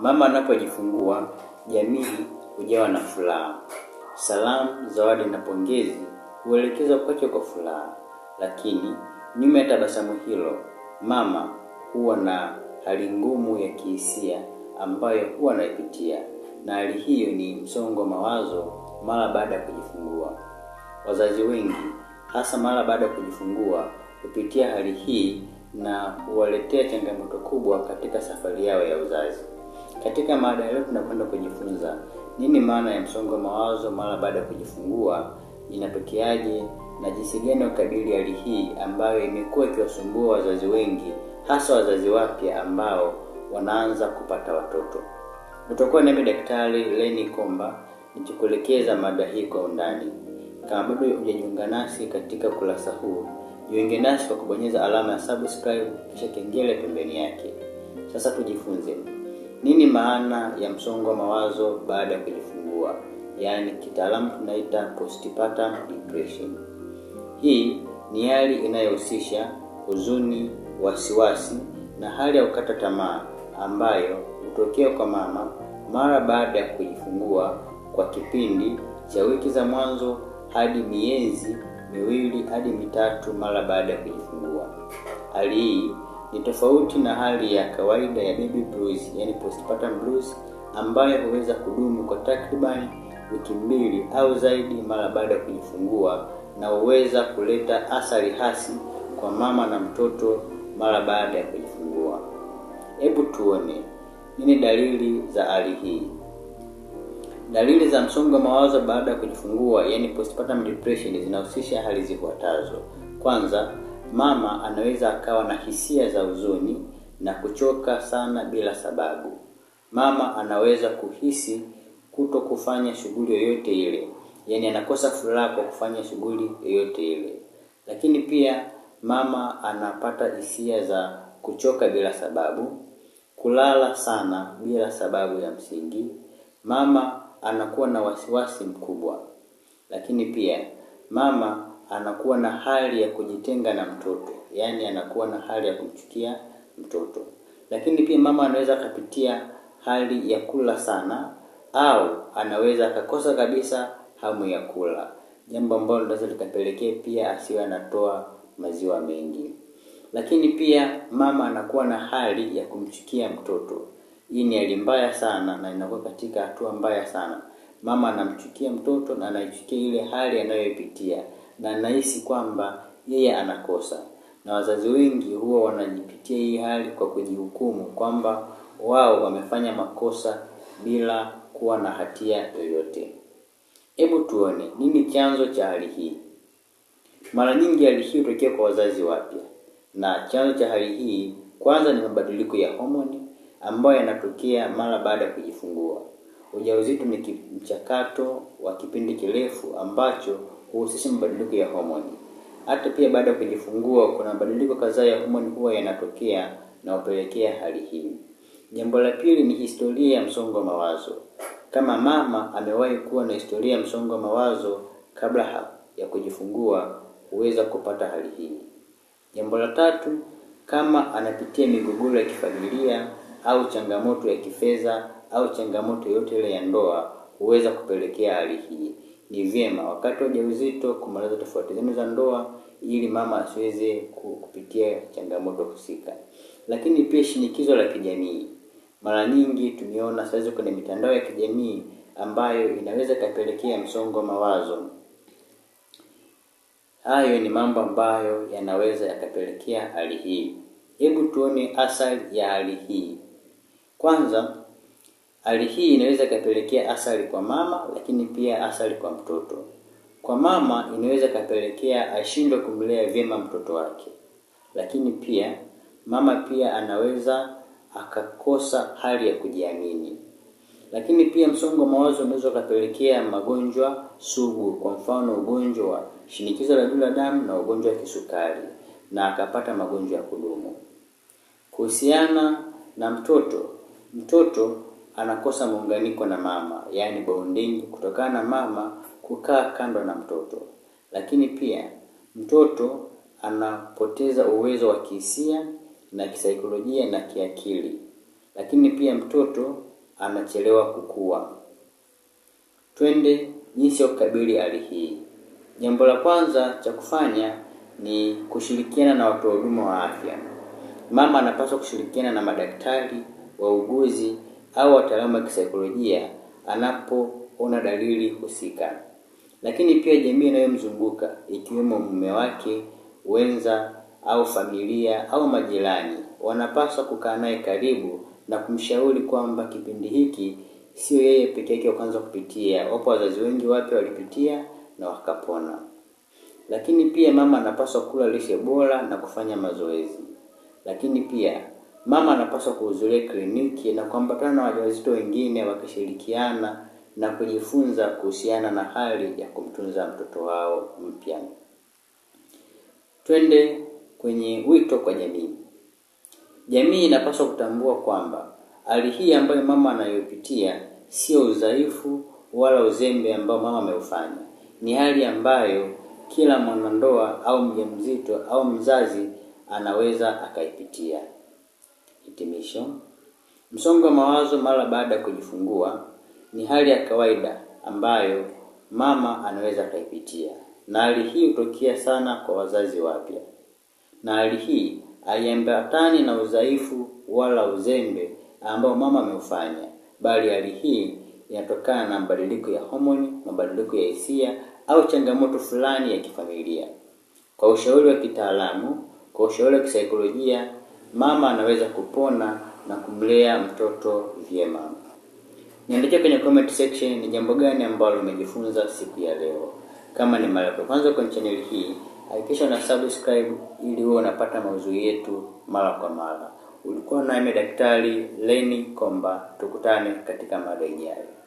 Mama anapojifungua jamii hujawa na furaha. Salamu, zawadi na pongezi huelekezwa kwake kwa furaha, lakini nyuma ya tabasamu hilo mama huwa na hali ngumu ya kihisia ambayo huwa anaipitia, na hali hiyo ni msongo wa mawazo mara baada ya kujifungua. Wazazi wengi hasa mara baada ya kujifungua hupitia hali hii na huwaletea changamoto kubwa katika safari yao ya uzazi. Katika mada leo tunakwenda kujifunza nini maana ya msongo wa mawazo mara baada ya kujifungua, inatokeaje na jinsi gani ukabili hali hii ambayo imekuwa ikiwasumbua wazazi wengi, hasa wazazi wapya ambao wanaanza kupata watoto. Utakuwa nami Daktari Leni Komba nichikuelekeza mada hii kwa undani. Kama bado hujajiunga nasi katika ukurasa huu, jiunge nasi kwa kubonyeza alama ya subscribe kisha kengele pembeni yake. Sasa tujifunze. Nini maana ya msongo wa mawazo baada ya kujifungua? Yaani kitaalamu tunaita postpartum depression. Hii ni hali inayohusisha huzuni, wasiwasi na hali ya kukata tamaa ambayo hutokea kwa mama mara baada ya kujifungua kwa kipindi cha wiki za mwanzo hadi miezi miwili hadi mitatu mara baada ya kujifungua. Hali hii ni tofauti na hali ya kawaida ya baby blues, yani postpartum blues ambayo huweza kudumu kwa takribani wiki mbili au zaidi mara baada ya kujifungua na huweza kuleta athari hasi kwa mama na mtoto mara baada ya kujifungua. Hebu tuone nini dalili za hali hii. Dalili za msongo wa mawazo baada ya kujifungua, yani postpartum depression, zinahusisha hali zifuatazo. Kwanza, mama anaweza akawa na hisia za huzuni na kuchoka sana bila sababu. Mama anaweza kuhisi kuto kufanya shughuli yoyote ile, yaani anakosa furaha kwa kufanya shughuli yoyote ile. Lakini pia mama anapata hisia za kuchoka bila sababu, kulala sana bila sababu ya msingi. Mama anakuwa na wasiwasi mkubwa, lakini pia mama anakuwa na hali ya kujitenga na mtoto, yaani anakuwa na hali ya kumchukia mtoto. Lakini pia mama anaweza akapitia hali ya kula sana, au anaweza akakosa kabisa hamu ya kula, jambo ambalo linaweza likapelekea pia asiwe anatoa maziwa mengi. Lakini pia mama anakuwa na hali ya kumchukia mtoto. Hii ni hali mbaya sana na inakuwa katika hatua mbaya sana. Mama anamchukia mtoto na anaichukia ile hali anayoipitia na nahisi kwamba yeye anakosa, na wazazi wengi huwa wanajipitia hii hali kwa kujihukumu kwamba wao wamefanya makosa bila kuwa na hatia yoyote. Hebu tuone nini chanzo cha hali hii. Mara nyingi hali hii hutokea kwa wazazi wapya, na chanzo cha hali hii kwanza ni mabadiliko ya homoni ambayo yanatokea mara baada ya kujifungua. Ujauzito ni mchakato wa kipindi kirefu ambacho huhusisha mabadiliko ya homoni. Hata pia baada ya kujifungua, kuna mabadiliko kadhaa ya homoni huwa yanatokea na hupelekea hali hii. Jambo la pili ni historia ya msongo wa mawazo. Kama mama amewahi kuwa na historia ya msongo wa mawazo kabla ya kujifungua, huweza kupata hali hii. Jambo la tatu, kama anapitia migogoro ya kifamilia au changamoto ya kifedha au changamoto yote ile ya ndoa huweza kupelekea hali hii. Ni vyema wakati wa ujauzito kumaliza tofauti zenu za ndoa ili mama asiweze kupitia changamoto husika. Lakini pia shinikizo la kijamii, mara nyingi tumeona sasa kwenye mitandao ya kijamii ambayo inaweza ikapelekea msongo wa mawazo. Hayo ni mambo ambayo yanaweza yakapelekea hali hii. Hebu tuone athari ya hali hii. Kwanza, Hali hii inaweza ikapelekea athari kwa mama, lakini pia athari kwa mtoto. Kwa mama inaweza ikapelekea ashindwe kumlea vyema mtoto wake, lakini pia mama pia anaweza akakosa hali ya kujiamini. Lakini pia msongo wa mawazo unaweza ukapelekea magonjwa sugu, kwa mfano ugonjwa wa shinikizo la juu la damu na ugonjwa wa kisukari, na akapata magonjwa ya kudumu. Kuhusiana na mtoto, mtoto anakosa muunganiko na mama, yani bonding, kutokana na mama kukaa kando na mtoto. Lakini pia mtoto anapoteza uwezo wa kihisia na kisaikolojia na kiakili, lakini pia mtoto anachelewa kukua. Twende jinsi ya kukabili hali hii. Jambo la kwanza cha kufanya ni kushirikiana na watoa huduma wa afya. Mama anapaswa kushirikiana na madaktari, wauguzi au wataalamu wa kisaikolojia anapoona dalili husika. Lakini pia jamii inayomzunguka ikiwemo mume wake, wenza au familia au majirani, wanapaswa kukaa naye karibu na kumshauri kwamba kipindi hiki sio yeye peke yake kwanza kupitia. Wapo wazazi wengi wapya walipitia na wakapona. Lakini pia mama anapaswa kula lishe bora na kufanya mazoezi. Lakini pia Mama anapaswa kuhudhuria kliniki na kuambatana na wajawazito wengine wakishirikiana na kujifunza kuhusiana na hali ya kumtunza mtoto wao mpya. Twende kwenye wito kwa jamii. Jamii inapaswa kutambua kwamba hali hii ambayo mama anayopitia sio udhaifu wala uzembe ambao mama ameufanya, ni hali ambayo kila mwanandoa au mjamzito au mzazi anaweza akaipitia. Hitimisho: msongo wa mawazo mara baada ya kujifungua ni hali ya kawaida ambayo mama anaweza akaipitia, na hali hii hutokea sana kwa wazazi wapya, na hali hii haiambatani na udhaifu wala uzembe ambao mama ameufanya, bali hali hii inatokana na mabadiliko ya homoni, mabadiliko ya hisia au changamoto fulani ya kifamilia. Kwa ushauri wa kitaalamu, kwa ushauri wa kisaikolojia mama anaweza kupona na kumlea mtoto vyema. Niandikie kwenye comment section ni jambo gani ambalo umejifunza siku ya leo. Kama ni mara ya kwanza kwenye channel hii, hakikisha na subscribe ili uwe unapata mauzui yetu mara kwa mara. Ulikuwa nami Daktari Leni Komba, tukutane katika mada ijayo.